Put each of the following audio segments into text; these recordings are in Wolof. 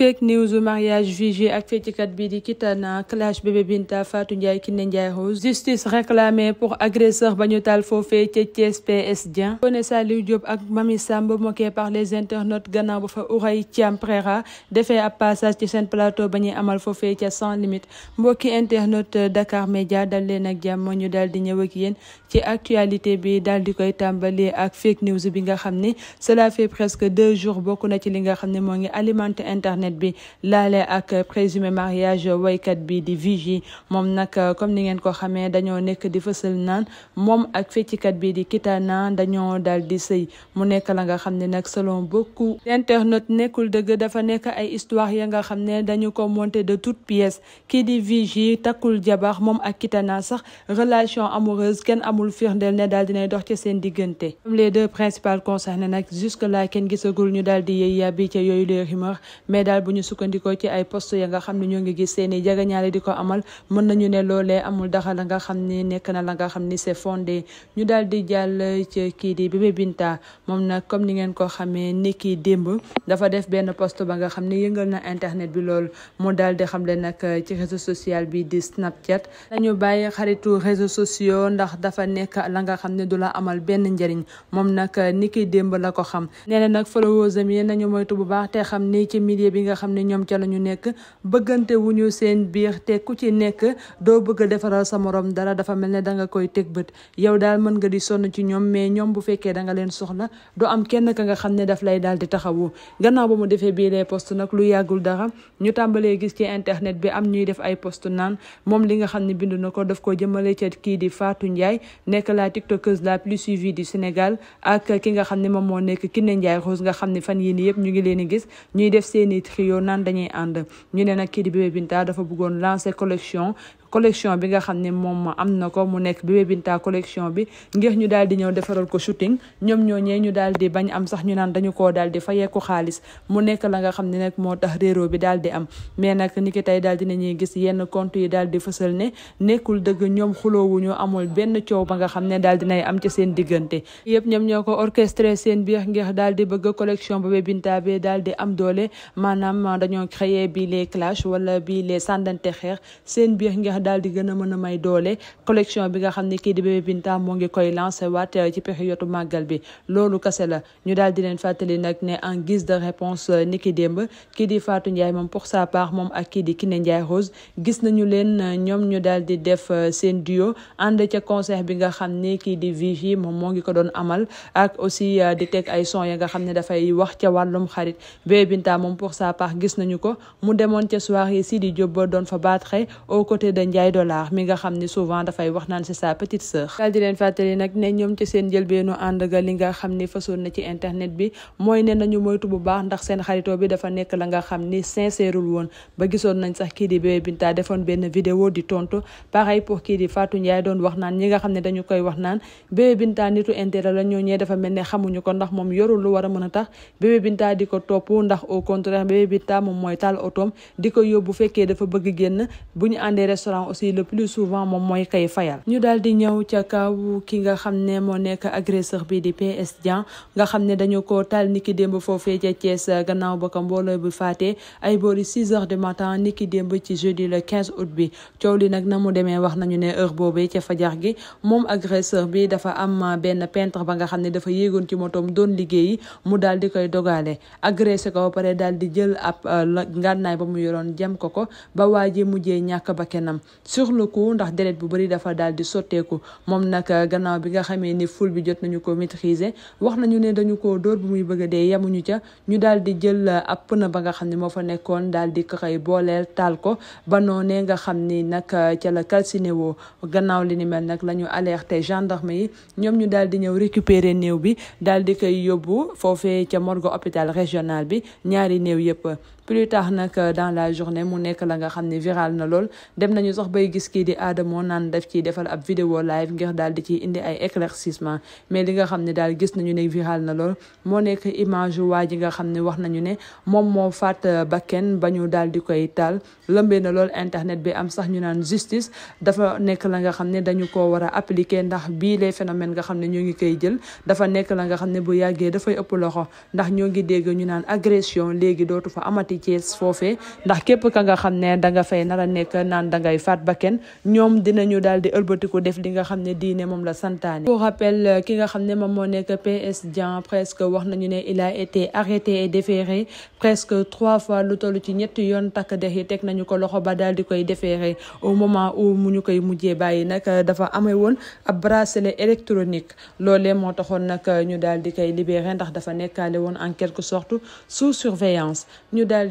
fake news mariage jugé ak feccikat bi di Kitana clash bébé Binta Fatou Ndiaye Kiné Ndiaye Rose justice réclamée pour agresseur ba ñu taal foofee ca Thiès PS Dien Koné Saliou Diop ak Mami Samb moqué par les ba fa Ourey Thiam defee ab passage ci seen plateau ba amal foofee ca sans limite mbokki internaute Dakar Média dal leen ak jàmm ñu di ñëw ak ci actualité bi daal di koy tàmbalee ak fake news bi nga xam ne cela fait presque internet bi laale ak présumé mariage waykat bi di Vigy moom nag euh, comme ni ngeen ko xamee dañoo nekk di fësal naan moom ak feccikat bi di Kitana dañoo daal di sëy mu nekk la nga xam ne nag selon beaucoup internet nekkul dëgg dafa nekk ay histoire ya nga xam ne dañu ko monté de toute pièces kii di Vigy takkul jabar moom ak Kitana sax relation amoureuse kenn amul firndeel ne daal dinay dox ci seen diggante les deux principales concernées nag jusque là kenn gisagul ñu daal di waaye bu ñu sukkandikoo ci ay poste ya nga xam ne ñoo ngi gis seen i jagañaale di ko amal mën nañu ne loolee amul daxa la nga xam ne nekk na la nga xam ni c'est fondé ñu daal di jàll ci kii di bébé Binta moom nag comme ni ngeen ko xamee ni kii démb dafa def benn poste ba nga xam ne yëngal na internet bi lool mu daal di xamle nag ci réseau social bi di Snapchat dañu bàyyi xaritu réseaux sociaux ndax dafa nekk la nga xam ne du la amal benn njariñ moom nag ni kii démb la ko xam nee na nag followers nañu moytu bu baax te xam ni ci milieu bi nga xam ne ñoom ca la ñu nekk bëggante wu ñu seen biir te ku ci nekk doo bëgg a defaral sa morom dara dafa mel ne da nga koy teg bët yow daal mën nga di sonn ci ñoom mais ñoom bu fekkee danga leen soxla doo am kenn ka nga xam ne daf lay daal di taxawu gannaaw ba mu defee bii les post nag lu yàggul dara ñu tàmbalee gis ci internet bi am ñuy def ay post naan moom li nga xam ne bind na ko daf ko jëmale ca kii di Fatou Ndiaye nekk la tiktokeuse la plus suivie ki nga xam ne moom moo nekk Kiné Ndiaye Rose nga xam ne fan yii sociaux naan dañuy ànd ñu ne nag kii di Bébé Binta dafa bëggoon lancer collection collection bi nga xam ne moom ma am na ko mu nekk Bébé Binta collection bi ngeex ñu daal di ñëw defaral ko shooting ñoom ñoo ñooñee ñu daal di bañ am sax ñu naan dañu koo daal di fayeeku xaalis mu nekk la nga xam ne nag moo tax réeroo bi daal di am mais nag ni ki tey daal dinañuy gis yenn compte yi daal di fësal ne nekkul dëgg ñoom ñu amul benn coow ba nga xam ne daal dinay am ci seen diggante yëpp ñoom ñoo ko orchestré seen biir ngeex daal di bëgg collection Bébé Binta bi daal di am doole maanaam dañoo xëyee bii les clash wala bii les sàndante xeex seen biir ngir daal di gën a mën a may doole collection bi nga xam ne kii di bébé Binta moo ngi koy lancé waat euh, ci période màggal bi la ñu daal di leen fàttali nag ne en guise de réponse euh, ni ki démb kii di Fatou Ndiaye moom pour sa part moom ak kii di Kiné Ndiaye Rose gis nañu leen euh, ñoom ñu daal di def seen duo ànd ca concert bi nga xam ne kii di Vivi moom moo ngi ko doon amal ak aussi di teg ay son ya nga xam ne dafay wax ca wàllum xarit bébé Binta moom sa part gis nañu ko mu Ndiaye Dollar mi nga xam ni souvent dafay wax naan c'est sa petite sœur daal di nag ne ñoom ci seen njëlbeenu ànd ga li nga xam ni fasoon na ci internet bi mooy ne nañu moytu bu baax ndax seen xaritoo bi dafa nekk la nga xam ni sincèreul woon ba gisoon nañ sax kii di Bébé Binta defoon benn vidéo di tontu pareil pour kii di Fatou Ndiaye doon wax naan ñi nga xam ne dañu koy wax naan Bébé Binta nitu intérêt la ñoo dafa mel ne xamuñu ko ndax moom yorul lu war a a tax Bébé Binta di ko topp ndax au parent aussi le plus souvent moom mooy kay fayal ñu daal di ñëw ca kaw ki nga xam ne moo nekk agresseur bi di PS Dieng nga xam ne dañu ko taal niki démb foofee ca Thiès gannaaw ba ko mbooloo bu faatee ay boori 6 heures du matin niki démb ci jeudi le 15 août bi coow li nag na mu demee wax nañu ne heure boobee ca fajar gi moom agresseur bi dafa am benn pentre ba nga xam ne dafa yéegoon ci motoom doon liggéeyi mu daal di koy dogaale agressé ko ba pare daal di jël ab euh, ngànnaay ba mu yoroon jam ko ko ba waa ji mujjee ñàkk ba sur le coup ndax deret bu bëri dafa daal di sotteeku moom nag euh, gannaaw bi nga xamee ni ful bi jot nañu ko maîtriser wax nañu ne dañu ko dóor bu muy bëgg dee yemuñu ca ñu daal di jël euh, ab pëna ba nga xam ne moo fa nekkoon daal di koy booleel taal ko ba noonee nga xam ni nag euh, ca la calciné woo gannaaw li ni mel nag la ñu alerté gendarme yi ñoom ñu daal di ñëw récupérer néew bi daal di koy yóbbu foofe ca morgue hôpital régional bi ñaari néew yëpp plus tard nag euh, dans la journée mu nekk la nga xam ne viral na lool dem nañu sax bay gis kii di Adamo naan daf ciy defal ab vidéo live ngir daal di ciy indi ay éclaircissement mais li nga xam ne daal gis nañu ne viral na lool moo nekk image waa ji nga xam ne wax nañu ne moom moo faat euh, bakken ba ñu daal di koy taal lëmbee na lool internet bi am sax ñu naan justice dafa nekk la nga xam ne dañu ko war a appliquer ndax bii les phénomènes nga xam ne ñoo ngi koy jël dafa nekk la nga xam ne bu yàggee dafay ëpp loxo Thiès foofee ndax képp ka nga xam ne danga nga fay nar a nekk naan dangay faat ba kenn ñoom dina ñu daal di ëlbatiku def li nga xam ne diine moom la santaane pour rappel ki nga xam ne moom moo nekk PS Dieng presque wax nañu ne il a été arrêté et déféré presque trois fois lu toll ci ñetti yoon takk dex yi teg nañu ko loxo ba daal di koy déféré au moment u mu ñu koy mujjee bàyyi nag dafa amee woon ab bracelet électronique loolee moo taxoon nag ñu daal di koy libéré ndax dafa nekkaale woon en quelque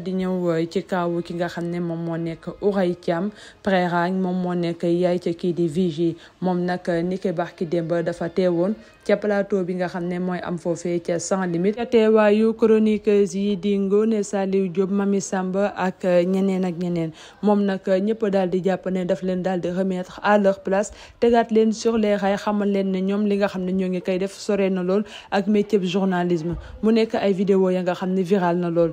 daal di ñëw euh, ci kaawu ki nga xam ne moom moo nekk Houraye Thiam Preragne moom moo nekk yaay ca kii di Vigie moom nag euh, niki baax ki dem démb dafa teewoon ca plateau bi nga xam ne mooy am foofee ca sans limite ca teewaayu chroniqueuse yi di Ngoné Saliou Diop Mami Samba ak euh, ñeneen ak ñeneen moom nag ñëpp daal di jàpp ne daf leen daal di remettre à leur place tegaat leen sur les rails xamal leen ne ñoom li nga xam ne ñoo ngi koy def sore na lool ak métier journalisme mu nekk ay vidéo ya nga xam ne viral na lool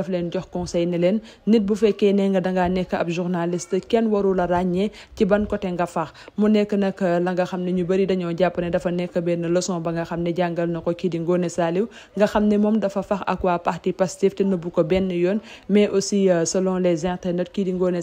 daf leen jox conseil ne leen nit bu fekkee ne nga dangaa nekk ab journaliste kenn waru la ràññee ci ban côté nga faax mu nekk nag euh, la nga xam ne ñu bëri dañoo jàpp ne dafa nekk benn leçon ba nga xam ne jàngal na ko kii di Ngoné Saliou nga xam ne moom dafa fax ak waa parti Pastef te nëbbu ko benn yoon mais aussi euh, selon les internautes kii di Ngoné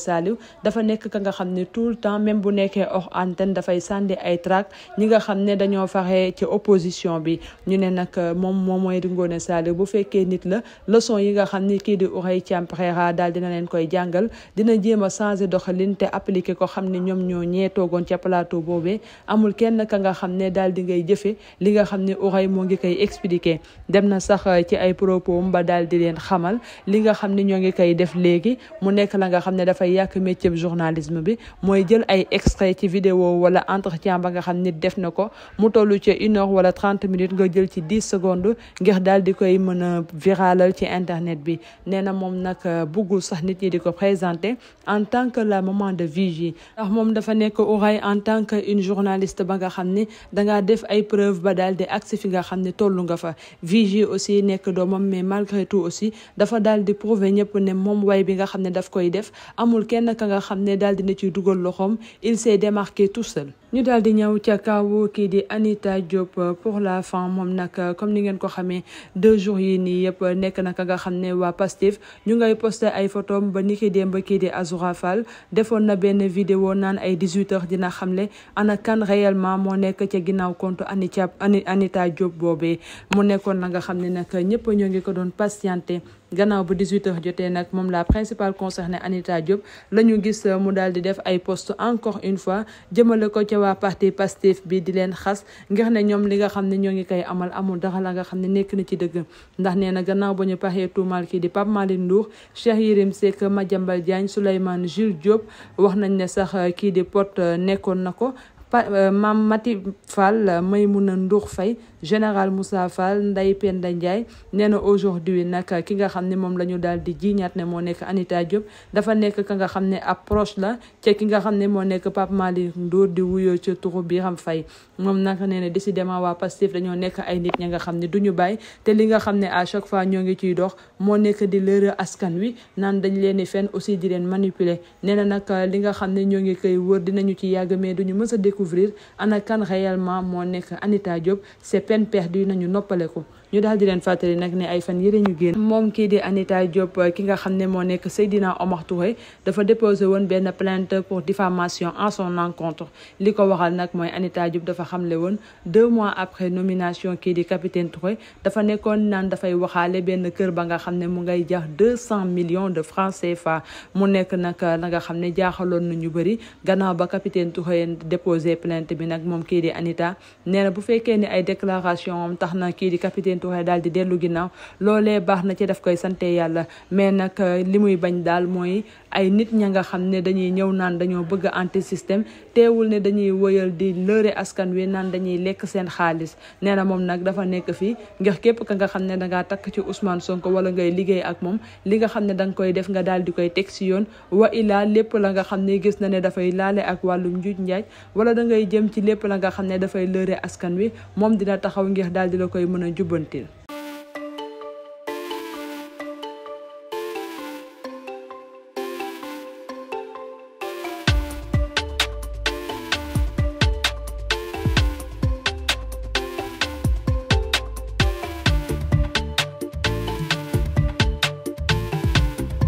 nekk ka nga xam ne tout le temps même bu nekkee hors antenne dafay sànni ay tract ñi nga xam ne dañoo faxee ci opposition bi ñu ne nag euh, moom moom mooy di Ngoné Saliou bu fekkee nit la leçon yi nga xam ni kii di Ourey Thiam Prera daal dina leen koy jàngal dina jéem a changé doxalin te appliqué ko xam ne ñoom ñoo ñee toogoon ca plateau boobee amul kenn ka nga xam ne daal di ngay jëfe li nga xam ne Ourey moo ngi koy expliqué dem na sax eh, ci ay propos ba daal di leen xamal li nga xam ni ñoo ngi koy def léegi mu nekk la nga xam ne dafay yàq métier journalisme bi mooy jël ay extrait ci vidéo wala entretien ba nga xam nit def na ko mu toll ci une wala trente minutes nga jël ci dix secondes ngir daal di koy mën a viralal ci internet bi nee na moom nag euh, buggul sax nit ñi di ko présenter en tant que la moment de Vigy ndax moom dafa nekk Oureye en tant que une journaliste ba nga xam ni dangaa def ay preuve ba daal de agsi fi nga xam ne tollu nga fa Vigy aussi nekk doomam mais malgré tout aussi dafa daal di prouver ñëpp ne moom way bi nga xam ne daf koy def amul kenn ka nga xam ne daal dina ciy dugal loxoom il s'est démarqué tout seul ñu daal di ñëw ca kaw kii di Anita Diop pour la fin moom nag comme ni ngeen ko xamee deux jours yi nii yëpp nekk naka nga xam ne waa Pastef ñu ngay posté ay photom ba niki ba kii di Azoura defoon na benn vidéo naan ay dix heures dina xamle ana kan réellement moo nekk ca ginnaaw compte Anita Anita Diop boobee mu nekkoon na nga xam ne nag ñëpp ñoo ngi ko doon patienté gannaaw bu 18h jotee nag moom la principale concernée Anita Diop la ñu gis euh, mu daal di def ay post encore une fois jëmale ko ca waa parti Pastef bi di leen xas ngir ne ñoom li nga xam ne ñoo ngi koy amal amul dara la nga xam ne nekk na ci dëgg ndax nee na gannaaw ba ñu paree tuumal kii di Pape Malick Ndour Cheikh Yérim Seck Madiambal Diagne Souleymane Jules Diop wax nañ ne sax euh, kii di pot euh, nekkoon na ko Euh, Mam Mati Fall a Ndour Faye général Moussa Fall Ndeye Penda Ndiaye nee na aujourd'hui nag ki nga xam ne moom la ñu daal di jiñaat ne moo nekk Anita Diop dafa nekk ka nga xam ne approche la ca ki nga xam ne moo nekk Pape Malick Ndour di wuyoo ca turu Biram Faye moom nag nee na décidément waa Pastef dañoo nekk ay nit ña nga xam ne duñu bàyyi te li nga xam ne chaque fois ñoo ngi ciy dox moo nekk di lëre askan wi naan dañ leen di fenn aussi di leen manipuler nee na li nga xam ne ñoo ngi koy wër ñu ci yàgg mais duñu mës a découvrir ana kan réellement moo nekk Anita Diop c'est peine perdue nañu noppale ko ñu daal di leen fàttali nag ne ay fan yëre ñu génn moom kii di Anita Diop ki nga xam ne moo nekk Seydina Omar Touré dafa déposé woon benn plainte pour diffamation en son encontre li ko waxal nag mooy Anita Diop dafa xamle woon deux mois après nomination kii di capitaine Touré dafa nekkoon naan dafay waxaale benn kër ba nga xam ne mu ngay jax deux cent millions de francs CFA mu nekk nag la nga xam ne jaaxaloon na ñu bëri gannaaw ba capitaine Touré déposé plainte bi moom kii di Anita nee bu fekkee ni ay déclaration tax na kii di Serigne Touray daal di dellu ginnaaw loolee baax na ci def koy sante yàlla mais nag euh, li muy bañ daal mooy ay nit ña nga xam ne dañuy ñëw naan dañoo bëgg anti système teewul ne dañuy woyal di lëre askan wi naan dañuy lekk seen xaalis nee na moom nag dafa nekk fii ngir képp ka nga xam ne dangaa takk ci Ousmane sonk wala ngay liggéey ak moom li nga xam ne danga koy def nga daal di koy teg si yoon wa ilaa lépp la nga xam ne gis na ne dafay laale ak wàllum njuuj njaaj wala dangay jëm ci lépp la nga xam ne dafay lëre askan wi Argentine